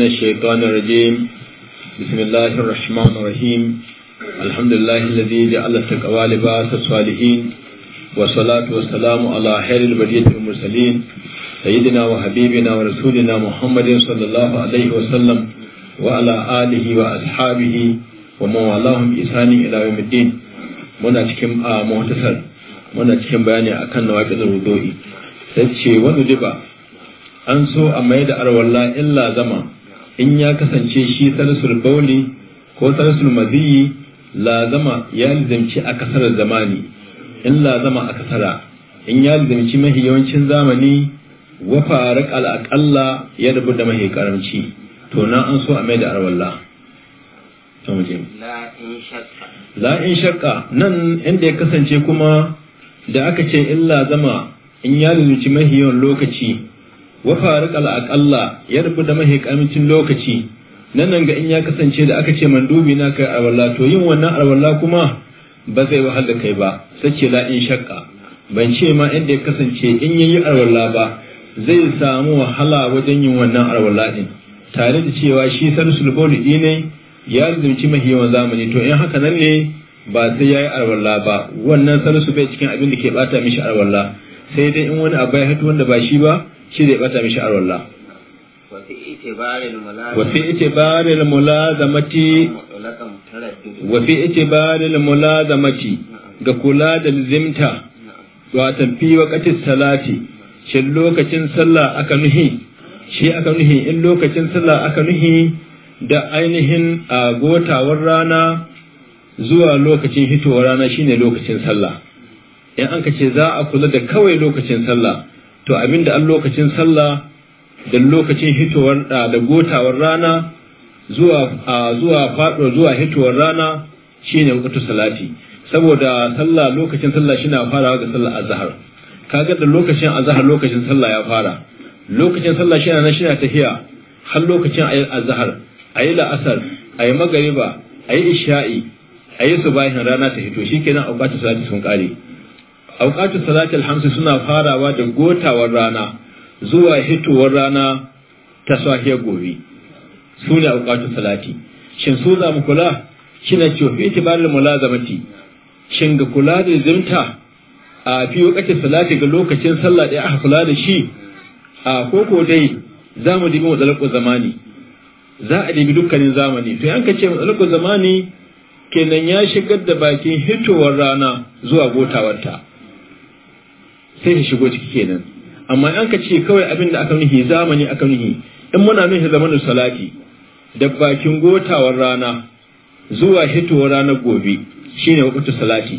من الشيطان الرجيم بسم الله الرحمن الرحيم الحمد لله الذي جعل التقوى لباس الصالحين والصلاة والسلام على خير البرية المرسلين سيدنا وحبيبنا ورسولنا محمد صلى الله عليه وسلم وعلى آله وأصحابه ومن والاهم بإحسان إلى يوم الدين muna cikin a muhtasar muna cikin bayani akan nawaqidul wudu'i sai ce wani diba an so a mai da arwalla illa zama in ya kasance shi sarsul bauli ko salsul maziyi zama ya lizamci a kasar zamani in lazama a kasara in ya lizamci mahi yawancin zamani wa farak al'aƙalla ya rabu da mahi karamci to na an so a mai da arwalla la in shakka nan inda ya kasance kuma da aka ce in lazama in ya lizamci mahi yawan lokaci wa faruq al ya rubu da mahi lokaci nan nan ga in ya kasance da aka ce mandubi na kai alwalla to yin wannan arwalla kuma ba zai wahal da kai ba sace la in shakka ban ce ma inda ya kasance in yayi alwalla ba zai samu wahala wajen yin wannan alwalla din tare da cewa shi san bawli ne ya zumci mahi yawan zamani to in haka nan ne ba sai yayi alwalla ba wannan sarsu bai cikin abin da ke bata mishi alwalla sai dai in wani abu ya wanda ba shi ba shi zai bata mishi arwallah وفي اعتبار الملازمة وفي اعتبار الملازمة ga kula da zimta watan fi waqati salati shi lokacin sallah aka nuhi shi aka nuhi in lokacin sallah aka nuhi da ainihin a gotawar rana zuwa lokacin hitowar rana shine lokacin sallah in an ka ce za a kula da kawai lokacin sallah to abinda an lokacin sallah da lokacin hitowar da gotawar rana zuwa zuwa fado zuwa hitowar rana shine wutu salati saboda sallah lokacin sallah shine farawa ga sallah azhar kaga da lokacin azhar lokacin sallah ya fara lokacin sallah shine nan shine tafiya har lokacin azhar ayi la'asar ayi magariba ayi isha'i ayi subahin rana ta hito shikenan abata salati sun kare auqatu salati hamsi suna farawa da gotawar rana zuwa hitowar rana ta sahiyar gobe su ne auqatu salati shin su za mu kula shine ce fi itibarul mulazamati shin ga kula da zimta a fi wakacin salati ga lokacin sallah da aka kula da shi a koko dai za mu dibi matsalar zamani za a dibi dukkanin zamani to yanka ce matsalar zamani kenan ya shigar da bakin hitowar rana zuwa gotawarta sai shi shigo ciki kenan amma in ka ce kawai abin da aka nuhi zamani aka nuhi in muna nuhi zamanin salati da bakin gotawar rana zuwa hitowar ranar gobe shine wakutu salati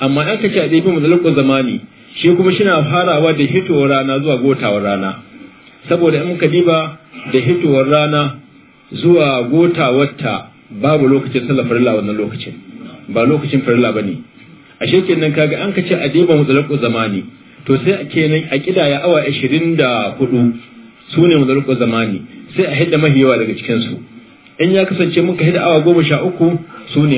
amma in ka ce a ɗabi mutsalakon zamani shi kuma shina farawa da hitowar rana zuwa gotawar rana saboda in ka diba da hitowar rana zuwa gotawar ta babu lokacin sallar farilla wannan lokacin ba lokacin farilla bane shekin nan kaga an ka ce a ɗabi mutsalakon zamani to sai a kenan a kidaya awa 24 su ne zamani sai a hidda mahi daga cikin su in ya kasance muka hidda awa 13 su ne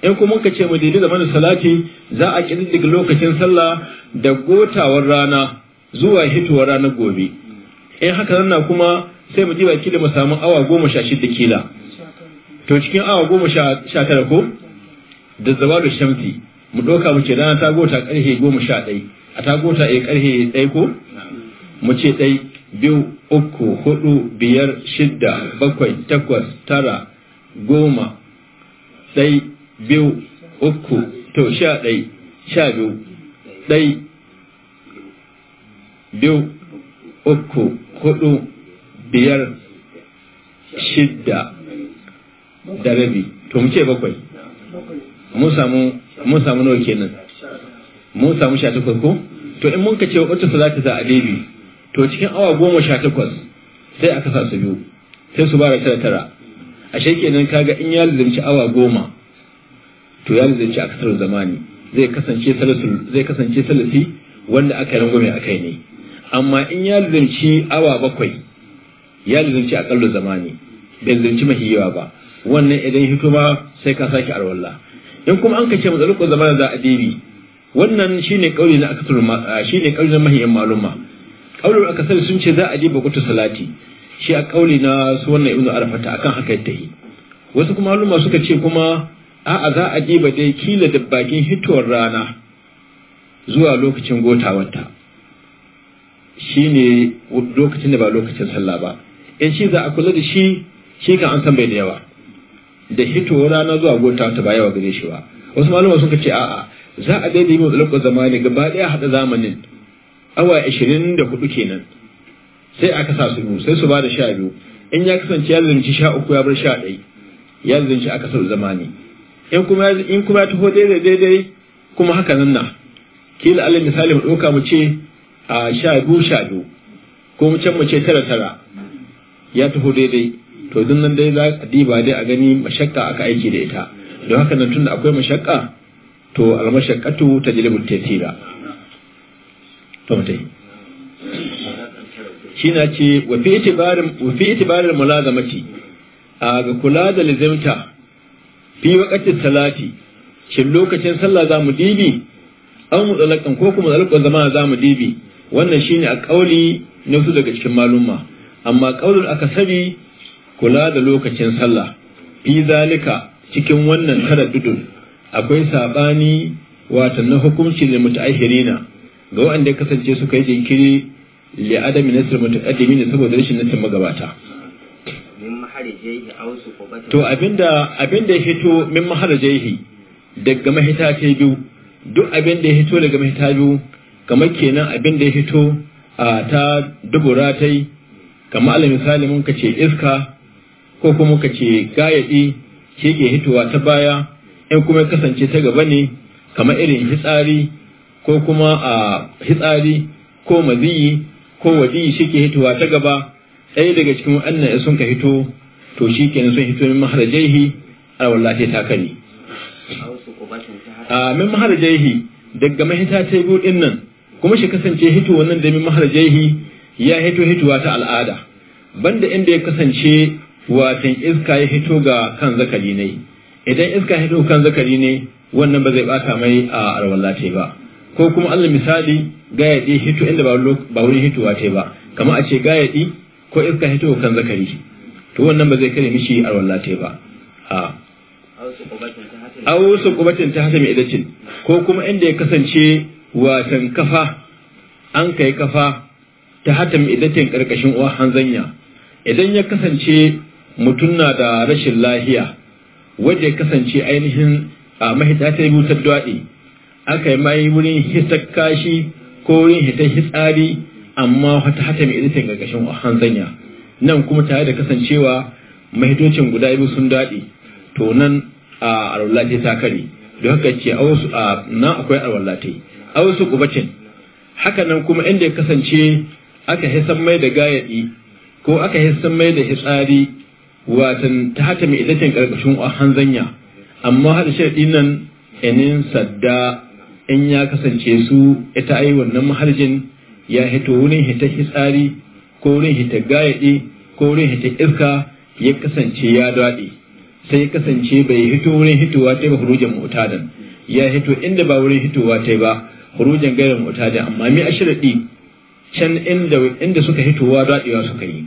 in kuma muka ce mu madidi zamanin salati za a daga lokacin sallah da gotawar rana zuwa hituwar rana gobe in haka nan kuma sai mu ji baki da mu samu awa goma kila to cikin awa goma ko da zawalu shamsi mu doka mu ce rana ta gota karfe goma sha ɗai a ta gota a eh karfe ɗai ko mu ce ɗai biyu uku hudu biyar shidda bakwai takwas tara goma ɗai biyu uku to sha ɗai sha biyu ɗai biyu uku hudu biyar shidda da rabi to mu ce bakwai mu samu mun samu nawa kenan mun samu sha takwas ko to in mun ka ce wata su za ta a bebi to cikin awa goma sha takwas sai aka sa su biyu sai su bara tara tara shi kenan kaga in ya lizarci awa goma to ya lizarci a kasar zamani zai kasance zai kasance salasi wanda aka rangume a kai ne amma in ya lizarci awa bakwai ya a aƙalla zamani bai lizarci mahiyawa ba wannan idan hikima sai ka sake arwalla in kuma an kace mazalu ko za a ɗebe wannan shine kauli na akatul shine kauli na mahiyan maluma kaulul akasar sun ce za a diba kutu salati shi a kauli na su wannan ibnu arfata akan haka ta yi wasu kuma maluma suka ce kuma a'a za a diba dai kila da bakin hitowar rana zuwa lokacin gotawarta shine lokacin da ba lokacin sallah ba in shi za a kula da shi shi kan an san bai da yawa da hito rana zuwa gota ta baya wa gare shi ba wasu malama suka ce a'a za a daidai mai tsalakon zamani gaba daya hada zamanin awa ashirin da hudu kenan sai aka sa su biyu sai su ba da sha biyu in ya kasance ya zalunci sha uku ya bar sha ɗai ya zalunci aka sa zamani in kuma in kuma ya taho daidai daidai kuma haka nan na kila alal misali mu ɗauka mu ce a sha biyu sha biyu ko mu can mu ce tara tara ya taho daidai to duk nan dai za a diba dai a gani mashakka aka aiki da ita don haka nan tunda akwai mashakka to almashakkatu ta tasira to mutai shina ce wafi fi itibarin mulazamati a ga kula da lizimta fi waqti salati shin lokacin sallah za mu dibi an mutsalakan ko kuma zalakon zama za mu dibi wannan shine a kauli na su daga cikin malumma amma kaulin akasari kula da lokacin sallah fi zalika cikin wannan taraddudun akwai sabani wata na hukunci da muta'ahirina ga wanda ya kasance suka yi jinkiri li adami nasr mutaqaddimin saboda rashin nasr magabata to abinda abinda ya fito min maharajaihi daga mahita ta biyu duk abinda ya fito daga mahita biyu kamar kenan abinda ya fito a ta dubura tai kamar alal misali mun kace iska ko kuma ka ce gayadi shi ke hitowa ta baya in kuma kasance ta gaba ne kamar irin hitsari ko kuma a hitsari ko maziyi ko wadiyi shi ke hitowa ta gaba ɗaya daga cikin wannan sun ka hito to shi kenan sun hito min maharajaihi a wallahi ta kani a min maharajaihi daga mahita ta yi din nan kuma shi kasance hito wannan da min maharajaihi ya hito hitowa ta al'ada banda inda ya kasance watan iska ya hito ga kan zakari ne idan iska ya hito kan zakari ne wannan ba zai bata mai a alwallace ba ko kuma allah misali gayadi hito inda ba wuri hitowa ta ba kama a ce gayadi ko iska hito kan zakari to wannan ba zai kare mishi alwallace ba a awu su kubatin ta hasami idacin ko kuma inda ya kasance watan kafa an kai kafa ta hatam idacin karkashin uwa hanzanya idan ya kasance mutum na da rashin lahiya wadda kasance ainihin a mahita ta yi ta daɗi aka yi mai wurin hita kashi ko wurin hita hitsari amma wata hata mai iritin gargashin hanzanya nan kuma tare da kasancewa mahitocin guda biyu sun daɗi to nan a arwallatai ta kare da haka ce a wasu na akwai arwallatai a wasu kubacin haka nan kuma inda ya kasance aka hisan mai da gayaɗi ko aka hisan mai da hitsari watan ta hata mai idan karkashin hanzanya amma hada sharaɗin nan yanin sadda in ya kasance su ita ai wannan maharjin ya hito wurin hita hitsari ko wurin hita gayaɗe ko wurin hita iska ya kasance ya daɗe sai ya kasance bai hito wurin hitowa ta ba hurujan mutadan ya hito inda ba wurin hitowa ta ba hurujan gairar mutadan amma mi a can inda suka hitowa daɗewa suka yi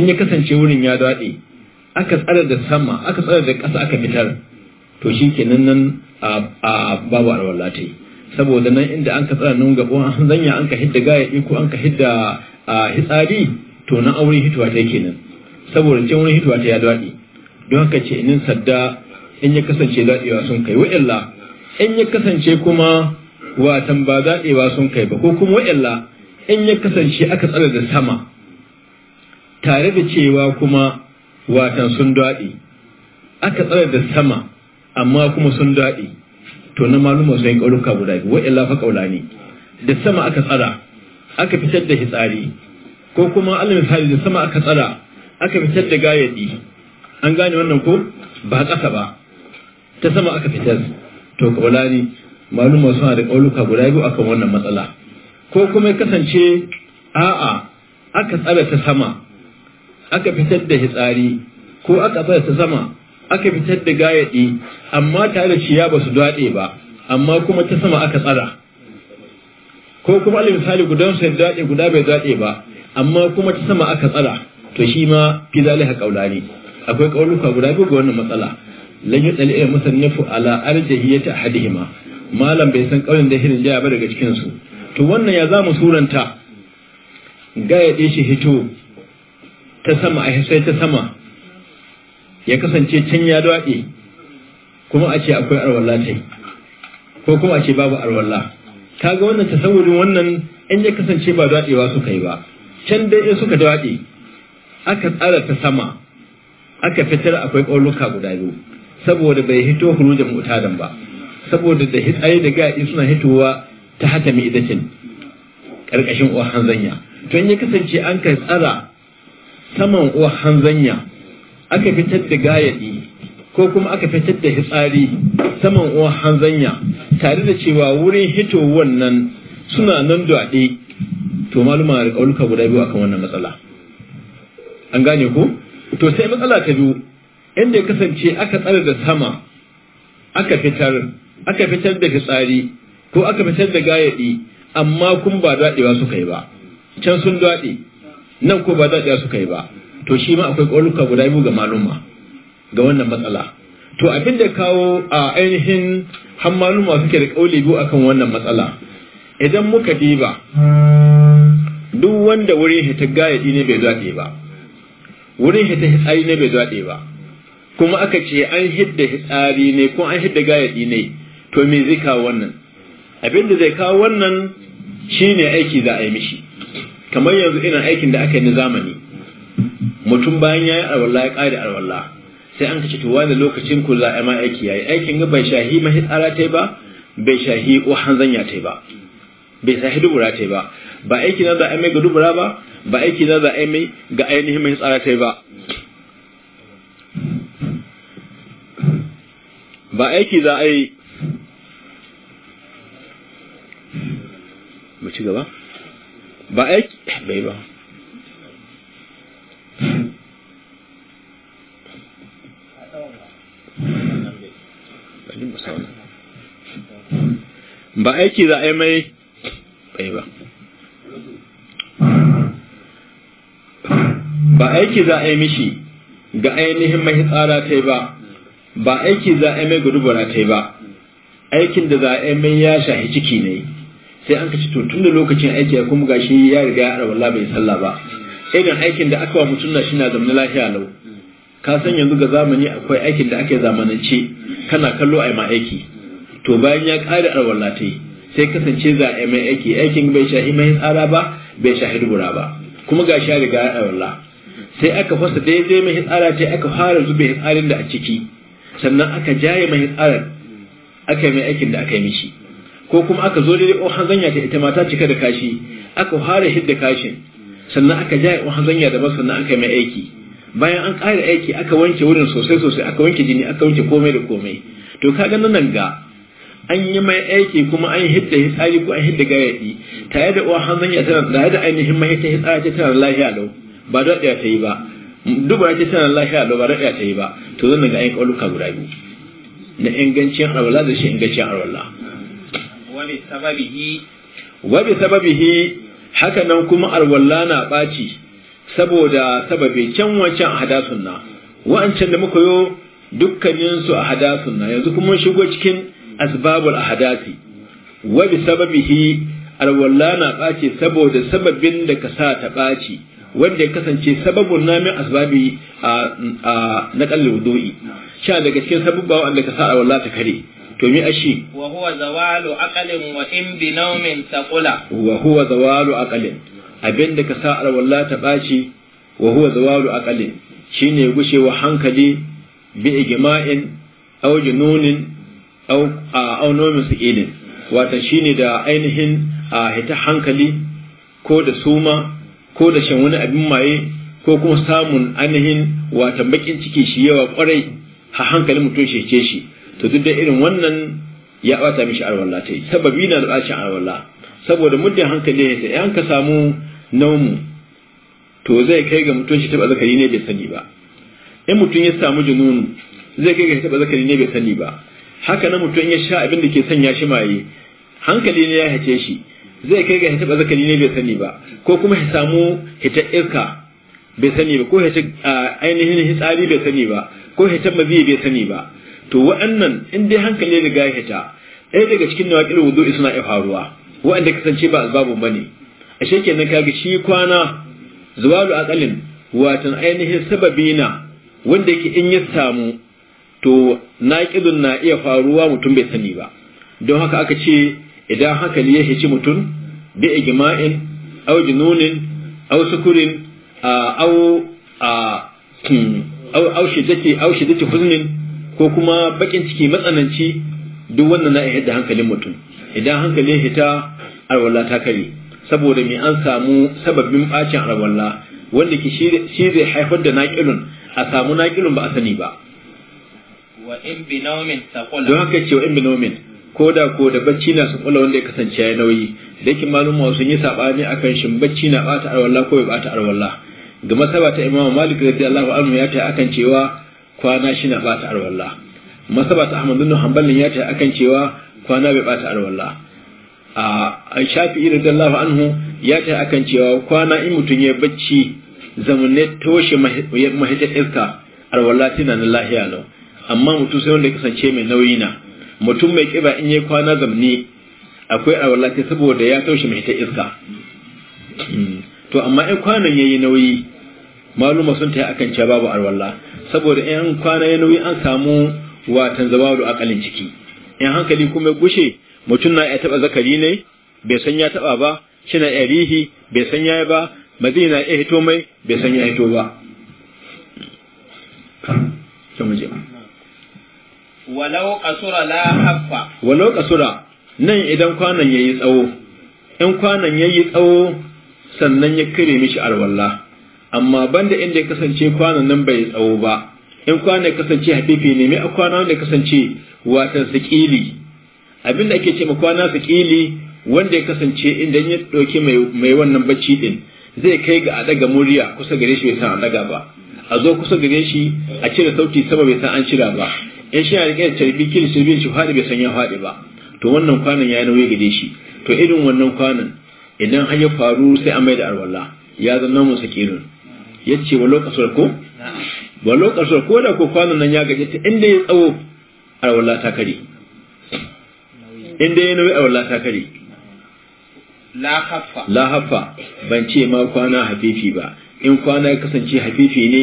in ya kasance wurin ya daɗe aka tsara da sama aka tsara da ƙasa aka fitar to shi kenan nan a babu alwala saboda nan inda an ka tsara nan gaban an zanya an ka hidda gaya ko an ka hidda hitsari to nan auren hituwa ta kenan saboda can wani hituwa ta ya daɗi don haka ce nin sadda in ya kasance daɗewa sun kai wa'illa in ya kasance kuma watan ba daɗewa sun kai ba ko kuma wa'illa in ya kasance aka tsara da sama tare da cewa kuma watan sun daɗe aka tsara da sama amma kuma sun daɗe to na maluma sun yi ƙauruka guda biyu wa'in lafa ƙaula ne da sama aka tsara aka fitar da hitsari ko kuma allah misali da sama aka tsara aka fitar da gayadi an gane wannan ko ba ƙasa ba ta sama aka fitar to ƙaula ne maluma suna da ƙauluka guda biyu akan wannan matsala ko kuma kasance a'a aka tsara ta sama aka fitar da hitsari ko aka ta sama aka fitar da gayadi amma tare da ciya ba su dade ba amma kuma ta sama aka tsara ko kuma alal misali gudan sai daɗe guda bai daɗe ba amma kuma ta sama aka tsara to shi ma fi zalika kaulani akwai kauluka guda biyu ga wannan matsala lan yudali ila musannifu ala arjahiyati ahadihima malam bai san kaulin da hirin jaya ba daga cikin su to wannan ya zamu suranta gayade shi hito ta sama a sai ta sama ya kasance can ya daɗe kuma a ce akwai arwalla ta yi ko kuma a ce babu arwalla ga wannan tasawurin wannan in ya kasance ba daɗewa suka yi ba can dai in suka daɗe aka tsara ta sama aka fitar akwai ƙwalluka guda biyu saboda bai hito hurujin mutadan ba saboda da hitsaye da ga'i suna hitowa ta hatami idacin ƙarƙashin ohan zanya to in ya kasance an ka tsara saman uwa hanzanya aka fitar da gayadi ko kuma aka fitar da hitsari saman uwa hanzanya tare da cewa wurin hito wannan suna nan daɗe to maluma da ƙaunuka guda biyu akan wannan matsala an gane ku? to sai matsala ta biyu inda ya kasance aka tsara da sama aka fitar aka fitar da fitsari ko aka fitar da gayadi amma kun ba daɗewa suka yi ba can sun daɗe nan ko ba za daɗewa suka yi ba to shi ma akwai ƙwaruka guda biyu ga maluma ga wannan matsala to abin da kawo a ainihin har maluma suke da ƙauli biyu akan wannan matsala idan muka diba duk wanda wurin hita gayadi ne bai zaɗe ba wurin hita hitsari ne bai zaɗe ba kuma aka ce an hidda hitsari ne ko an hidda gayadi ne to me zai kawo wannan abin da zai kawo wannan shine aiki za a yi mishi kamar yanzu irin aikin da aka yi na zamani mutum bayan ya yi alwala ya ƙare alwala sai an kace to wani lokacin ku za a ma aiki yayi aikin ga bai shahi tsara ta ba bai shahi ko zanya ta ba bai shahi dubura ta ba ba aiki na za a mai ga dubura ba ba aiki na za a mai ga ainihin tsara ta ba ba aiki za a yi mu ci gaba ba aiki eh, bai ba aiki za a yi mai bai ba ba aiki za a yi mishi ga ainihin mai tsara ta ba ba aiki za a yi mai gudubara ta ba aikin da za a yi mai ya shahi ciki ne sai an ka ci to tun da lokacin aiki ya kuma gashi ya riga ya wallahi bai sallah ba irin aikin da aka wa mutum na na zamanin lafiya lau ka san yanzu ga zamani akwai aikin da ake zamanance kana kallo a ma aiki to bayan ya ƙara arwala ta sai kasance za a mai aiki aikin bai shahi mai tsara ba bai shahi dubura ba kuma gashi ya riga ya arwala sai aka fasa daidai mai tsara ta aka fara zube tsarin da a ciki sannan aka jaye mai tsarar aka yi mai aikin da aka yi mishi ko kuma aka zo dai o hanzanya ta ita mata cika da kashi aka fara hidda kashin sannan aka ja o hanzanya da sannan aka yi mai aiki bayan an ƙara aiki aka wanke wurin sosai sosai aka wanke jini aka wanke komai da komai to ka ga nan ga an yi mai aiki kuma an hidda hitsari ko an hidda gayyadi tare da uwa hanzanya tana tare da ainihin mahaifin hitsari ta tana lafiya lau ba daɗaya ta yi ba duba ta tana lafiya lau ba daɗaya ta yi ba to zan ga an yi ƙauluka guda biyu na ingancin arwala da shi ingancin arwala bi sababihi haka nan kuma alwalla na ɓaci saboda sababe can wancan a hada sunna wa'ancan da muka yo dukkaninsu a hada sunna yanzu kuma shigo cikin asbabul ahadasi wa bi sababihi alwalla na ɓaci saboda sababin da ka sa ta ɓaci wanda ya kasance sababun namin min asbabi a na kallin wudu'i sha daga cikin sababba wanda ka sa alwalla ta kare to mi ashi wa huwa zawalu aqalin wa in bi nawmin taqula wa huwa zawalu aqalin abinda ka sa alwala ta baci wa huwa zawalu aqalin shine gushewa hankali bi igma'in aw jununin aw aw nawmin sa'ilin wato shine da ainihin a hita hankali ko da suma ko da shan wani abin maye ko kuma samun ainihin wata bakin ciki shi yawa kwarai ha hankalin mutum shece shi to duk da irin wannan ya bata mishi alwala ta yi sababi na da tsashin alwala. saboda muddin hankali ne sai an ka samu naumu to zai kai ga mutum shi taba zakari ne bai sani ba in mutum ya samu jununu zai kai ga shi taba zakari ne bai sani ba haka na mutum ya sha abin da ke sanya shi maye hankali ne ya hace shi zai kai ga taba zakari ne bai sani ba ko kuma ya samu hita iska bai sani ba ko ci ainihin hitsari bai sani ba ko hita mazi bai sani ba to wa'annan in dai hankali ya riga ya hita ɗaya daga cikin nawaƙil wudu'i suna iya faruwa wa'anda kasance ba azbabun A ashe nan kaga shi kwana zuwalu aqalin watan ainihin sababi na wanda yake in ya samu to naƙidun na iya faruwa mutum bai sani ba don haka aka ce idan hankali ya hici mutum bi igma'in aw jununin aw sukurin aw aw aw hmm, shidati aw shidati huznin ko kuma bakin ciki matsananci duk wannan na iya da hankalin mutum idan hankali ya hita arwalla ta kare saboda me an samu sababbin bacin arwalla wanda ki shi zai haifar da naƙilun a samu naƙilun ba a sani ba don haka ce wa in binomin ko da ko da bacci na su kula wanda ya kasance ya nauyi da yake malum sun yi a akan shin bacci na bata arwalla ko bai bata arwalla ga masaba ta imamu malik radiyallahu anhu ya ta akan cewa kwana shi na bata arwalla masaba ta Ahmadu bin Hanbal ya ta akan cewa kwana bai bata arwalla a Shafi'i radiyallahu anhu ya ta akan cewa kwana in mutum ya bacci zamune toshe mahita iska arwalla tana na lahiya lau amma mutum sai wanda kasance mai nauyi na mutum mai kiba in ya kwana zamne akwai arwalla saboda ya toshe mahita iska hmm. to amma in kwanan yayi nauyi maluma sun ta akan cewa babu alwala saboda in kwana ya nauyi an samu watan zama da akalin ciki in hankali kuma gushe mutum na ya taba zakari ne bai san ya taba ba shina na rihi bai san ya ba mazi na ya hito mai bai san ya hito ba walau kasura la haffa walau kasura nan idan kwanan yayi tsawo in kwanan yayi tsawo sannan ya kire mishi alwallah amma banda inda ya kasance kwanan nan bai tsawo ba in kwanan ya kasance hafifi ne mai a kwana wanda ya kasance watan sikili abinda ake ce ma kwana sikili wanda ya kasance inda ya ɗauki mai wannan bacci din zai kai ga a daga murya kusa gare shi bai san a daga ba a zo kusa gare shi a cire sauti sama bai san an cira ba in shi a rike da carbi kiri carbi shi faɗi bai san ya faɗi ba to wannan kwanan ya nauyi gare shi to irin wannan kwanan idan har ya faru sai a mai da arwalla ya zama sakirin yace wa lokacin ko wa lokacin ko da ko kwanan nan ya gaje ta inda ya tsawo a wallata ta kare inda ya nauyi a wallata ta kare la haffa ban ce ma kwana hafifi ba in kwana ya kasance hafifi ne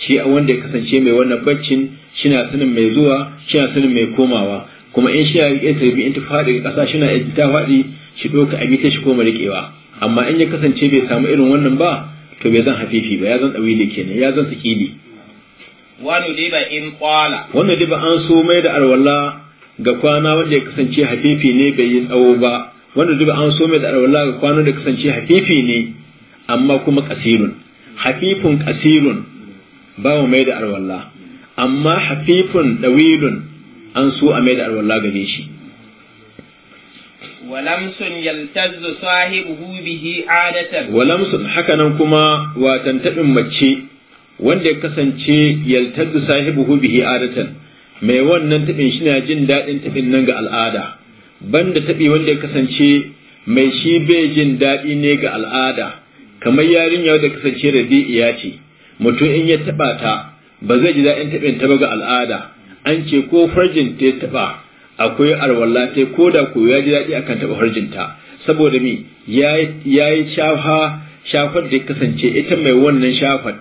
shi a wanda ya kasance mai wannan baccin shina sanin mai zuwa shina sanin mai komawa kuma in shi ya yi tarbi in ta faɗi ƙasa shina ya ta faɗi shi ɗauka a ta shi koma riƙewa amma in ya kasance bai samu irin wannan ba to bai zan hafifi ba ya zan ɗawili kenan ya zan sakili wani ba in kwala wani ba an so mai da alwala ga kwana wanda ya kasance hafifi ne bai yi tsawo ba wani ba an so mai da alwala ga kwana da kasance hafifi ne amma kuma kasirun hafifun kasirun ba mu mai da alwala amma hafifun dawilun an so a mai da alwala gare shi walamsun yaltazzu sahibu bihi adatan walamsun haka nan kuma watan mace wanda ya kasance yaltazzu sahibuhu bihi adatan mai wannan tabin shi na jin daɗin tabin nan ga al'ada banda tabi wanda ya kasance mai shi bai jin daɗi ne ga al'ada kamar yarinya da kasance rabi'iya ce mutum in ya taba ta ba zai ji daɗin taɓin ta ba ga al'ada an ce ko farjin ta ya taba akwai alwala ko da ko ya ji daɗi akan taɓa harjinta saboda mi ya yi shafa shafar da kasance ita mai wannan shafar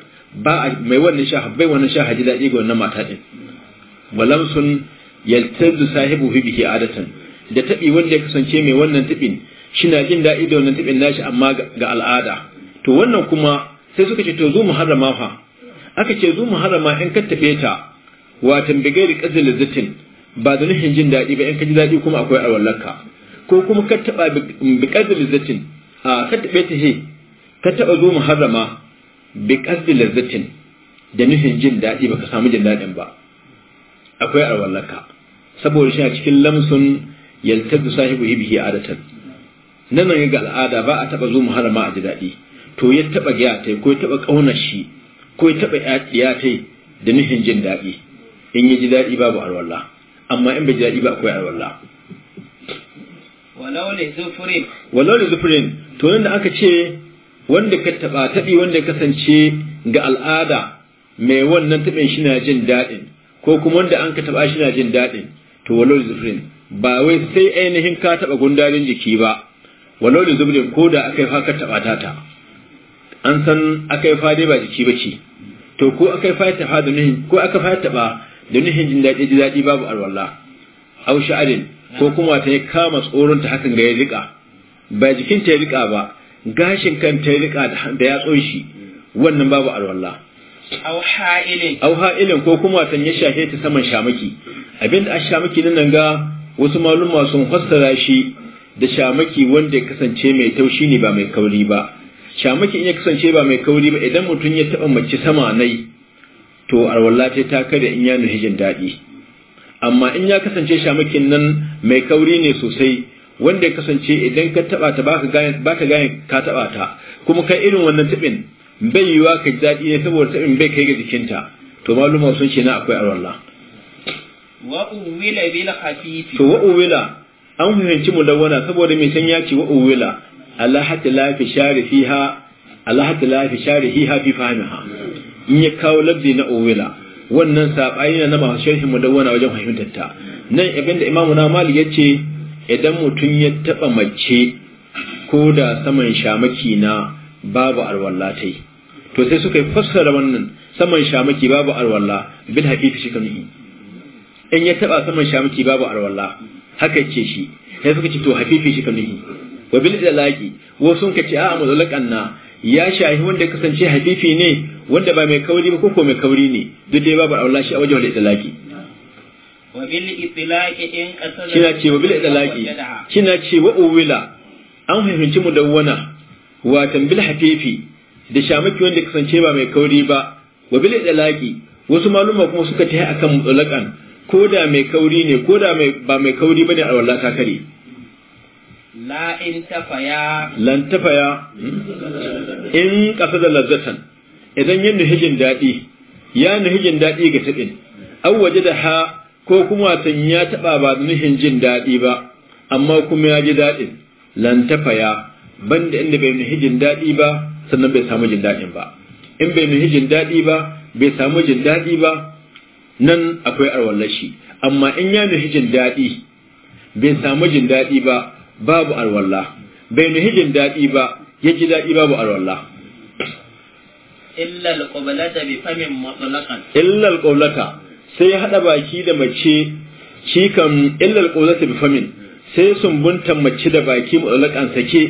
ba mai wannan shafar bai wannan shafar ji daɗi ga wannan mata ɗin Walam sun yaltazu sahibu bihi adatan da taɓi wanda ya kasance mai wannan shi na jin daɗi da wannan tiɓin nashi amma ga al'ada to wannan kuma sai suka ce to zu harama fa aka ce zu harama in ka tafe ta watan da qazil zatin ba da nufin jin daɗi ba in ka ji daɗi kuma akwai wallaka ko kuma ka taɓa bi ƙasdi lazzatin a ka taɓe ta he ka taɓa zo muharrama bi ƙasdi lazzatin da nufin jin daɗi ba ka samu jin daɗin ba akwai wallaka saboda shi a cikin lamsun yaltazu sahibu bihi adatan nan ga al'ada ba a taɓa zo muharrama a ji daɗi to ya taɓa gaya ta ko ya taɓa ƙaunar shi ko ya taɓa ya ta da nufin jin daɗi in ya ji daɗi babu alwallah amma in bai ji daɗi ba akwai alwala walau li zufurin walau li to nan da aka ce wanda ka taba tabi wanda ya kasance ga al'ada mai wannan tabin shi na jin daɗin ko kuma wanda an ka taba shi na jin daɗin to walau li zufurin ba wai sai ainihin ka taba gundarin jiki ba walau li zufurin ko da aka yi fa ka taba ta an san aka yi fa dai ba jiki ba ce to ko aka yi fa ta fa da ko aka fa ta ba Da nuhin jin daɗi ji daɗi babu alwala aw sha'arin ko kuma ta kama tsoron ta hakan ga ya rika ba jikin ta ya rika ba gashin kan ta ya rika da yatsu shi wannan babu alwala aw ha'ilin aw ha'ilin ko kuma ta ya shahe ta saman shamaki abinda a shamaki nan ga wasu maluma sun fassara shi da shamaki wanda ya kasance mai taushi ne ba mai kauri ba shamaki in ya kasance ba mai kauri ba idan mutum ya taba mace sama nai to alwala ce ta kada in ya nuhi jin daɗi amma in ya kasance shamakin nan mai kauri ne sosai wanda ya kasance idan ka taɓa ta ba ka gane ka taɓa ta kuma kai irin wannan taɓin bai yiwa ka ji daɗi ne saboda taɓin bai kai ga jikinta to maluma sun ce na akwai alwala wa uwila to wa uwila an fahimci mudawwana saboda mai san ya ce wa uwila Allah hatta la fi sharifiha Allah hatta la fi ha fi in ya kawo labdi na owila wannan saɓani na masu da mudawwana wajen fahimtar ta nan abin da imamu na mali ya ce idan mutum ya taɓa mace ko da saman shamaki na babu alwallatai to sai suka yi fassara wannan saman shamaki babu alwalla bil hakiki shi kan in ya taɓa saman shamaki babu alwalla haka ce shi sai suka ce to hafifi shi kan nuhi wa bil idlaqi wasu sun ka ce a'a mudallaqan na ya shahi wanda kasance hafifi ne wanda ba mai kauri ba koko mai kauri ne duk dai babu Allah shi a wajen wani itlaqi kina ce wa bil itlaqi kina ce wa uwila an fahimci mu da wana watan bil hafifi da shamaki wanda kasance ba mai kauri ba wa bil itlaqi wasu maluma kuma suka a akan mutlaqan ko da mai kauri ne ko da ba mai kauri ba ne a wallaka kare la in tafaya lan tafaya in kasa da lazzatan idan yin nuhijin daɗi ya nuhijin daɗi ga taɓin an waje da ha ko kuma watan ya taɓa ba da nuhin jin daɗi ba amma kuma ya ji daɗin lan tafaya banda inda bai nuhijin daɗi ba sannan bai samu jin daɗin ba in bai nuhijin daɗi ba bai samu jin daɗi ba nan akwai arwallashi amma in ya nuhijin daɗi bai samu jin daɗi ba babu alwalla bai nuhi jin daɗi ba ya ji daɗi babu alwalla illal qublata bi famin mutlaqan illal qublata sai ya haɗa baki da mace shi kan illal qublata bi famin sai sumbuntan mace da baki mutlaqan sake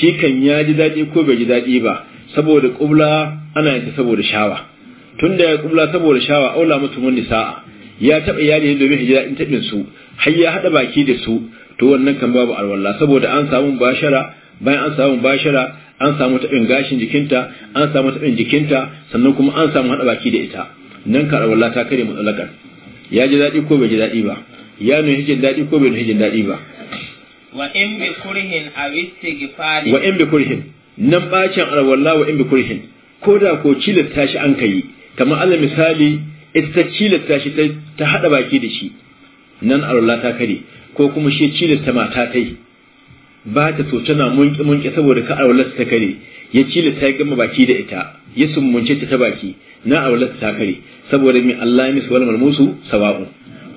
shi kan ya ji daɗi ko bai ji daɗi ba saboda qubla ana yin saboda shawa tunda ya qubla saboda shawa aula mutumin nisa'a ya taɓa iyali ne domin hijira in taɓin su har ya haɗa baki da su to wannan kan babu alwala saboda an samu bashara bayan an samu bashara an samu taɓin gashin jikinta an samu taɓin jikinta sannan kuma an samu haɗa baki da ita nan ka alwala ta kare mutsalakar ya ji daɗi ko bai ji daɗi ba ya nuna hijin daɗi ko bai nuna hijin daɗi ba wa in bi kurhin a gifari wa in bi kurhin nan bacin alwala wa in bi kurhin ko da ko cilata shi an kai kamar alal misali ita ta cilata shi ta haɗa baki da shi nan alwala ta kare ko kuma shi ta mata ta yi ba ta so tana munki munki saboda ka aularsa ta kare ya cilasta ta gama baki da ita ya sumunce ta baki na aularsa ta kare saboda mai Allah misu wal malmusu sawa'un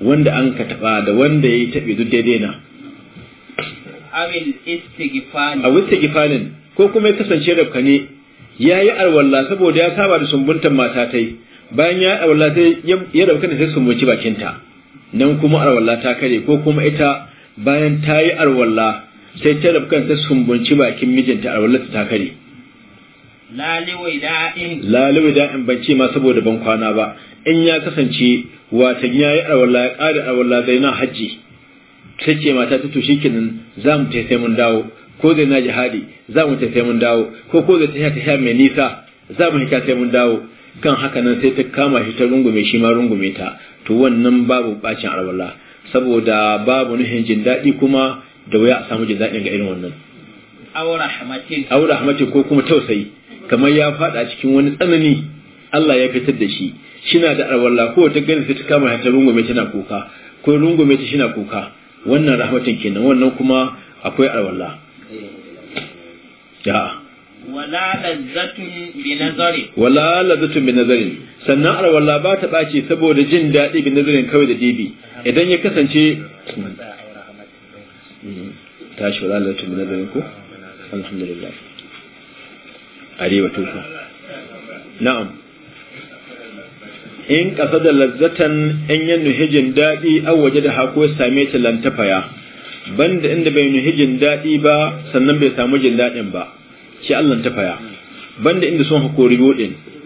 wanda an ka taba da wanda ya tabe duk daidai na awil istighfar awil istighfarin ko kuma ya kasance rabka ne ya yi alwala saboda ya saba da sumbuntan mata ta yi bayan ya alwala ya rabka ne sai summunci bakinta nan kuma arwalla ta kare ko kuma ita bayan ta yi arwalla sai ta rabkan ta sumbunci bakin mijinta arwalla ta kare laliwai da'in ban ce ma saboda ban kwana ba in ya kasance watan ya yi arwalla ya kada arwalla zai na hajji Sai ce mata ta tushe kinan za mu tafi mun dawo ko zai na jihadi za mu tafi mun dawo ko ko zai tafiya sai mai nisa za mu sai mun dawo kan haka nan sai ta kama shi ta rungume shi ma rungume ta to wannan babu bacin alwala saboda babu nuhin jin daɗi kuma da waya a samu jin daɗin ga irin wannan aw rahmatin ko kuma tausayi kamar ya faɗa cikin wani tsanani Allah ya fitar da shi shina da alwala ko ta gani sai ta kama shi ta rungume tana kuka ko rungume ta shina kuka wannan rahmatin kenan wannan kuma akwai alwala eh. ya'a wala lazzatun bi nazarin sannan alwala ba ta ɓace saboda jin daɗi bi nazarin kawai da dibi idan ya kasance tashi wala lazzatun bi nazarin ko alhamdulillah arewa tuku na'am in ƙasa da lazzatan in yin nuhijin daɗi an waje da hako same ta lantafaya banda inda bai nuhijin daɗi ba sannan bai samu jin daɗin ba shi Allah ta faya banda inda sun hakori bodin